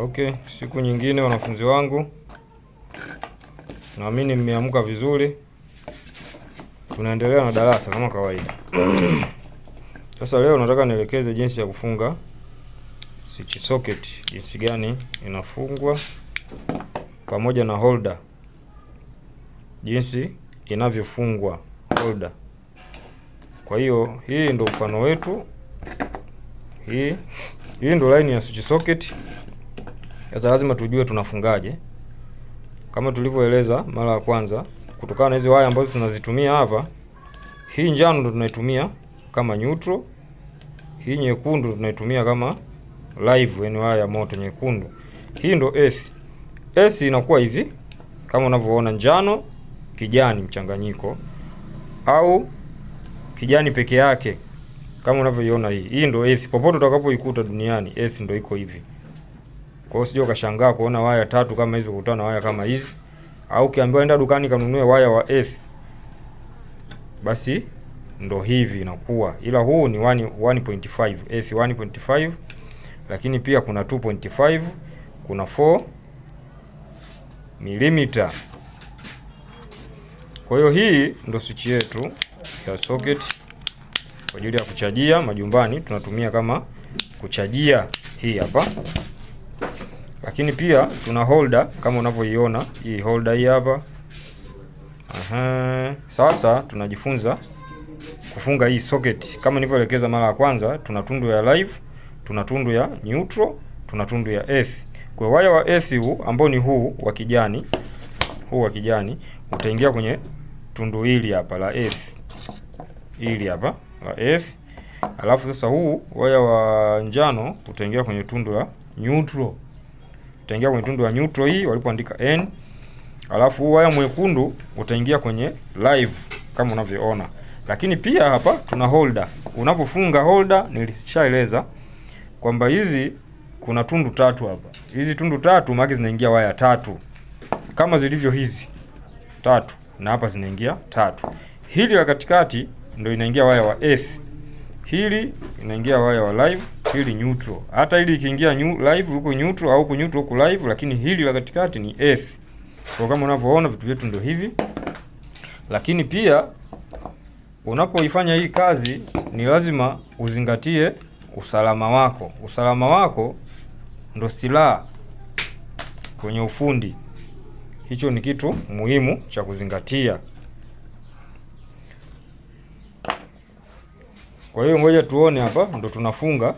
Okay, siku nyingine wanafunzi wangu, naamini mmeamka vizuri. Tunaendelea na darasa kama kawaida. Sasa leo nataka nielekeze jinsi ya kufunga switch socket, jinsi gani inafungwa pamoja na holder, jinsi inavyofungwa holder. Kwa hiyo hii ndo mfano wetu, hii hii ndo line ya switch socket. Sasa lazima tujue tunafungaje, kama tulivyoeleza mara ya kwanza, kutokana na hizo waya ambazo tunazitumia hapa. Hii njano ndo tunaitumia kama neutral, hii nyekundu tunaitumia kama live, yani waya ya moto nyekundu. Hii ndo S. S inakuwa hivi kama unavyoona, njano kijani mchanganyiko au kijani peke yake kama unavyoiona hii. Hii ndo S, popote utakapoikuta duniani S ndo iko hivi. Kwa hiyo sije ukashangaa kuona waya tatu kama hizi ukutana na waya kama hizi, au ukiambiwa enda dukani kanunue waya wa earth, basi ndo hivi inakuwa, ila huu ni 1.5 earth 1.5, lakini pia kuna 2.5, kuna 4 mm Kwa hiyo hii ndo switch yetu ya socket kwa ajili ya kuchajia. Majumbani tunatumia kama kuchajia, hii hapa. Lakini pia tuna holder kama unavyoiona hii holder hii hapa. Aha. Sasa tunajifunza kufunga hii socket kama nilivyoelekeza mara ya kwanza, tuna tundu ya live, tuna tundu ya neutral, tuna tundu ya earth. Kwa waya wa earth huu ambao ni huu wa kijani, huu wa kijani utaingia kwenye tundu hili hapa la earth, hili hapa la earth. Alafu sasa huu waya wa njano utaingia kwenye tundu la neutral utaingia kwenye tundu wa neutral hii walipoandika n, alafu huu waya mwekundu utaingia kwenye live kama unavyoona. Lakini pia hapa tuna holder. Unapofunga holder, nilishaeleza kwamba hizi kuna tundu tatu hapa. Hizi tundu tatu maki zinaingia waya tatu kama zilivyo hizi tatu, na hapa zinaingia tatu. Hili la katikati ndio inaingia waya wa F, hili inaingia waya wa live hili neutral. Hata hili ikiingia live huko neutral au huko neutral huko live, lakini hili la katikati ni F. Kwa kama unavyoona vitu vyetu ndio hivi, lakini pia unapoifanya hii kazi ni lazima uzingatie usalama wako. Usalama wako ndo silaha kwenye ufundi. Hicho ni kitu muhimu cha kuzingatia. Kwa hiyo ngoja tuone hapa, ndo tunafunga.